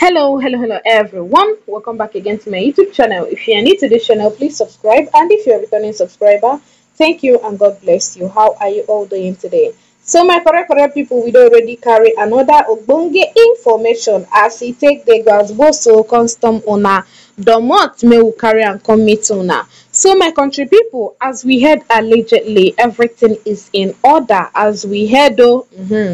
hello hello hello everyone welcome back again to my youtube channel if you are new to this channel please subscribe and if you're a returning subscriber thank you and god bless you how are you all doing today so my correct correct people we already carry another ogbonge information as he take girls gbasgbo so custom owner month may we carry and come meet so, my country people, as we heard allegedly, everything is in order. As we heard, though, mm -hmm,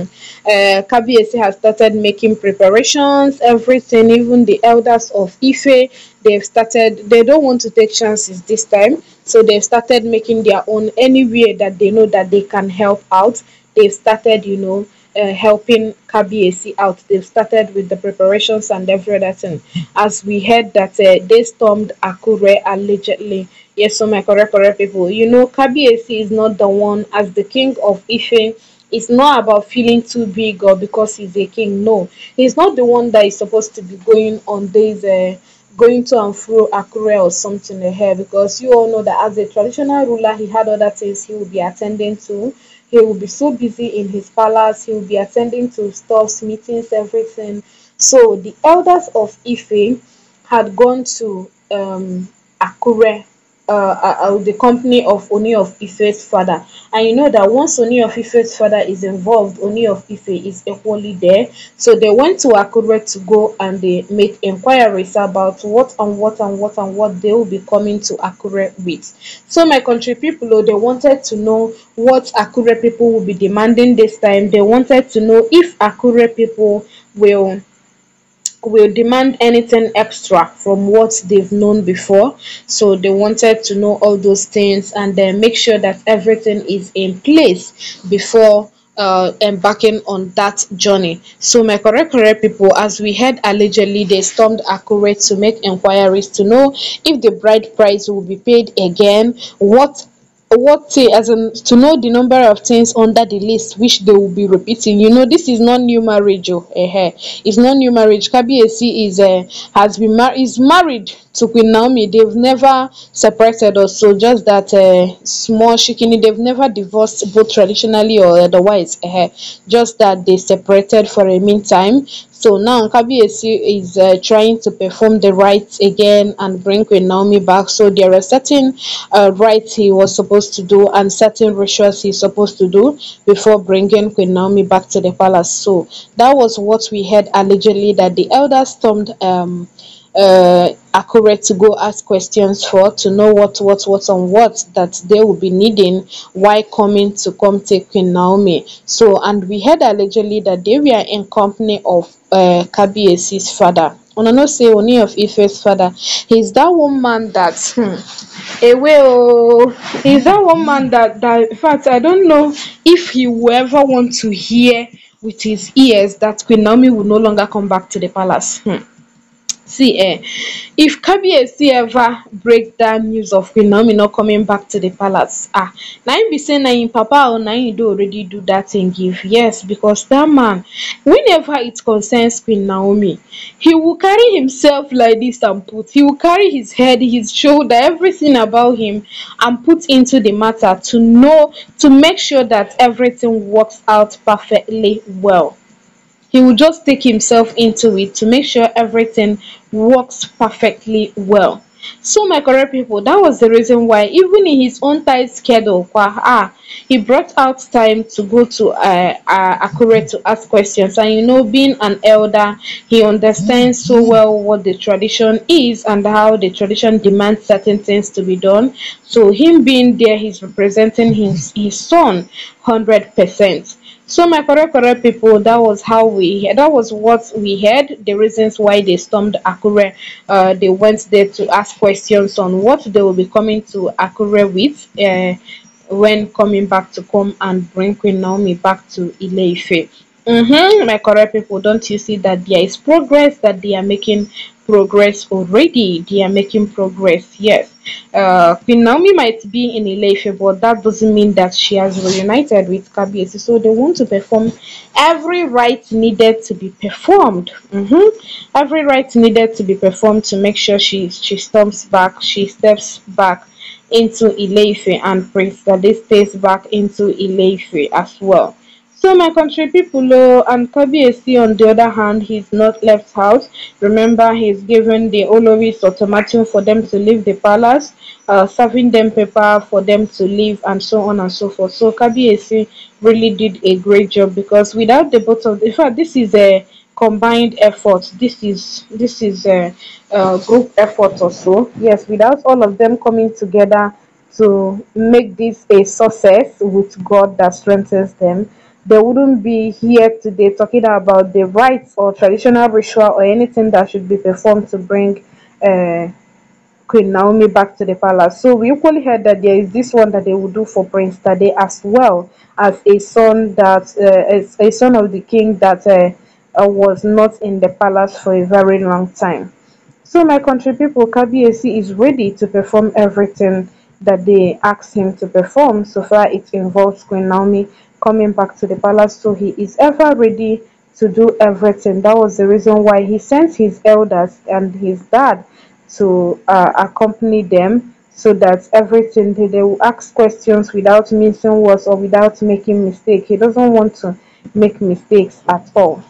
uh, has started making preparations, everything, even the elders of Ife, they've started, they don't want to take chances this time. So, they've started making their own anywhere that they know that they can help out. They've started, you know, uh, helping KBAC out. They've started with the preparations and everything. As we heard that uh, they stormed Akure allegedly Yes, so my correct, correct people. You know, Kabiesi is not the one as the king of Ife. It's not about feeling too big or because he's a king. No, he's not the one that is supposed to be going on days, uh, going to and fro Akure or something here. Because you all know that as a traditional ruler, he had other things he would be attending to. He would be so busy in his palace. He would be attending to stuffs, meetings, everything. So the elders of Ife had gone to um, Akure uh, uh, uh, the company of Oni of Ife's father. And you know that once Oni of Ife's father is involved, Oni of Ife is equally there. So they went to Akure to go and they made inquiries about what and what and what and what they will be coming to Akure with. So my country people, oh, they wanted to know what Akure people will be demanding this time. They wanted to know if Akure people will will demand anything extra from what they've known before. So they wanted to know all those things and then make sure that everything is in place before uh, embarking on that journey. So my correct correct people, as we heard allegedly, they stormed accurate to make inquiries to know if the bride price will be paid again, what what say as in to know the number of things under the list which they will be repeating you know this is not new marriage oh, eh, eh. it's not new marriage kabiyesi is uh, has been married is married to Queen Naomi. They've never separated or so just that uh, small shikini. They've never divorced both traditionally or otherwise. Uh, just that they separated for a meantime. So now Kabi is uh, trying to perform the rites again and bring Queen Naomi back. So there are certain uh, rites he was supposed to do and certain rituals he's supposed to do before bringing Queen Naomi back to the palace. So that was what we heard allegedly that the elders stormed um, uh, accurate to go ask questions for to know what what what and what that they will be needing why coming to come take Queen Naomi. So and we heard allegedly that they were in company of uh, Kabiesi's father. una know say only of Ife's father he's that one man that hmm, ewe is he's that one man that that in fact I don't know if he will ever want to hear with his ears that Queen Naomi will no longer come back to the palace. Hmm see eh if kabiyesi ever break that news of queen naomi not coming back to the palace ah now you be saying na im papa or now you do already do that thing give yes because that man whenever it concerns queen naomi he will carry himself like this and put he will carry his head his shoulder everything about him and put into the matter to know to make sure that everything works out perfectly well he will just take himself into it to make sure everything works perfectly well so my correct people that was the reason why even in his own tight schedule ah he brought out time to go to uh, uh accurate to ask questions and you know being an elder he understands so well what the tradition is and how the tradition demands certain things to be done so him being there he's representing his his son 100 percent so my correct correct people, that was how we that was what we heard. The reasons why they stormed Akure, uh, they went there to ask questions on what they will be coming to Akure with, uh, when coming back to come and bring Queen Naomi back to Ile Ife. Mm -hmm, my correct people, don't you see that there is progress that they are making progress already they are making progress yes uh queen might be in ilefe but that doesn't mean that she has reunited with kbs so they want to perform every right needed to be performed mm -hmm. every right needed to be performed to make sure she she steps back she steps back into ilefe and prince that stays back into ilefe as well so my country people, oh, and Kabiesi on the other hand, he's not left house. Remember, he's given the Oloris ultimatum for them to leave the palace, uh, serving them paper for them to leave, and so on and so forth. So Kabiesi uh, really did a great job because without the both of, in fact, this is a combined effort. This is this is a, a group effort also. Yes, without all of them coming together to make this a success with God that strengthens them they wouldn't be here today talking about the rites or traditional ritual or anything that should be performed to bring uh, Queen Naomi back to the palace. So we equally heard that there is this one that they will do for Prince Tade as well as a son that uh, as a son of the king that uh, uh was not in the palace for a very long time. So my country people, KBAC is ready to perform everything that they asked him to perform. So far, it involves Queen Naomi coming back to the palace. So he is ever ready to do everything. That was the reason why he sent his elders and his dad to uh, accompany them so that everything they, they will ask questions without missing words or without making mistake. He doesn't want to make mistakes at all.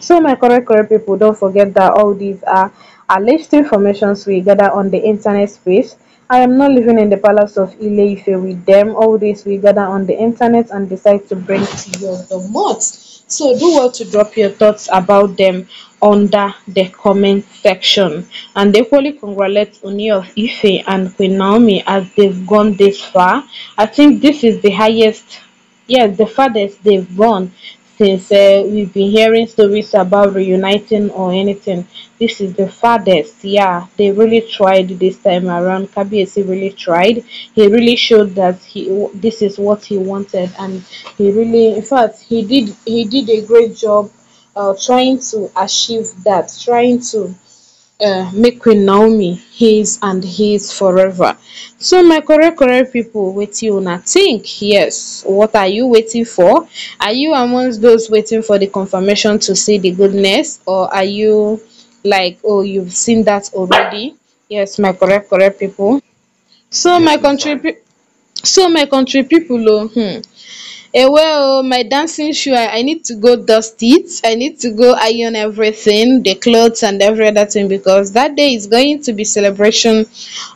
So my correct correct people, don't forget that all these are alleged informations we gather on the internet space. I am not living in the palace of Ile-Ife with them. All this we gather on the internet and decide to bring to you the most. So do well to drop your thoughts about them under the comment section. And equally congratulate Oni of Ife and Queen Naomi as they've gone this far. I think this is the highest, yeah, the farthest they've gone since uh, we've been hearing stories about reuniting or anything. This is the farthest. Yeah, they really tried this time around. Kabiesi really tried. He really showed that he this is what he wanted, and he really, in fact, he did he did a great job uh, trying to achieve that, trying to uh, make queen naomi his and his forever so my correct correct people wetin una think yes what are you waiting for are you amongst those waiting for the confirmation to see the goodness or are you like oh you've seen that already yes my correct correct people so my country so my country people oh hmm Eh, well, my dancing shoe i need to go dust it i need to go iron everything the clothes and every other thing because that day is going to be celebration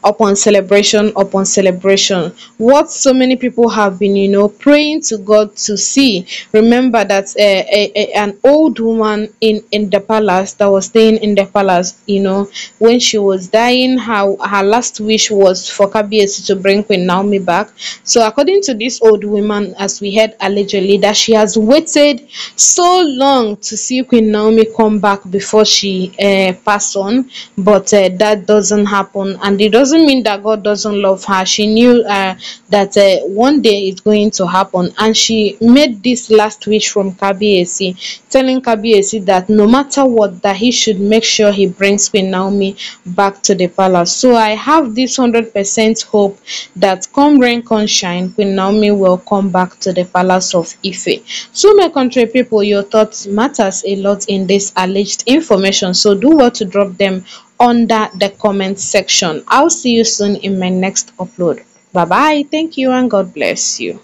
upon celebration upon celebration what so many people have been you know praying to god to see remember that uh, a, a, an old woman in in the palace that was staying in the palace you know when she was dying her her last wish was for kabiyesi to bring queen naomi back so according to this old woman as we heard said allegedly that she has waited so long to see Queen Naomi come back before she uh, passed on, but uh, that doesn't happen. And it doesn't mean that God doesn't love her. She knew uh, that uh, one day it's going to happen. And she made this last wish from Kabiesi, telling Kabiesi that no matter what, that he should make sure he brings Queen Naomi back to the palace. So I have this 100% hope that come rain, come shine, Queen Naomi will come back to the palace palace of ife so my country people, your thoughts matters a lot in this alleged information so do well to drop them under the comment section i'll see you soon in my next upload bye bye thank you and god bless you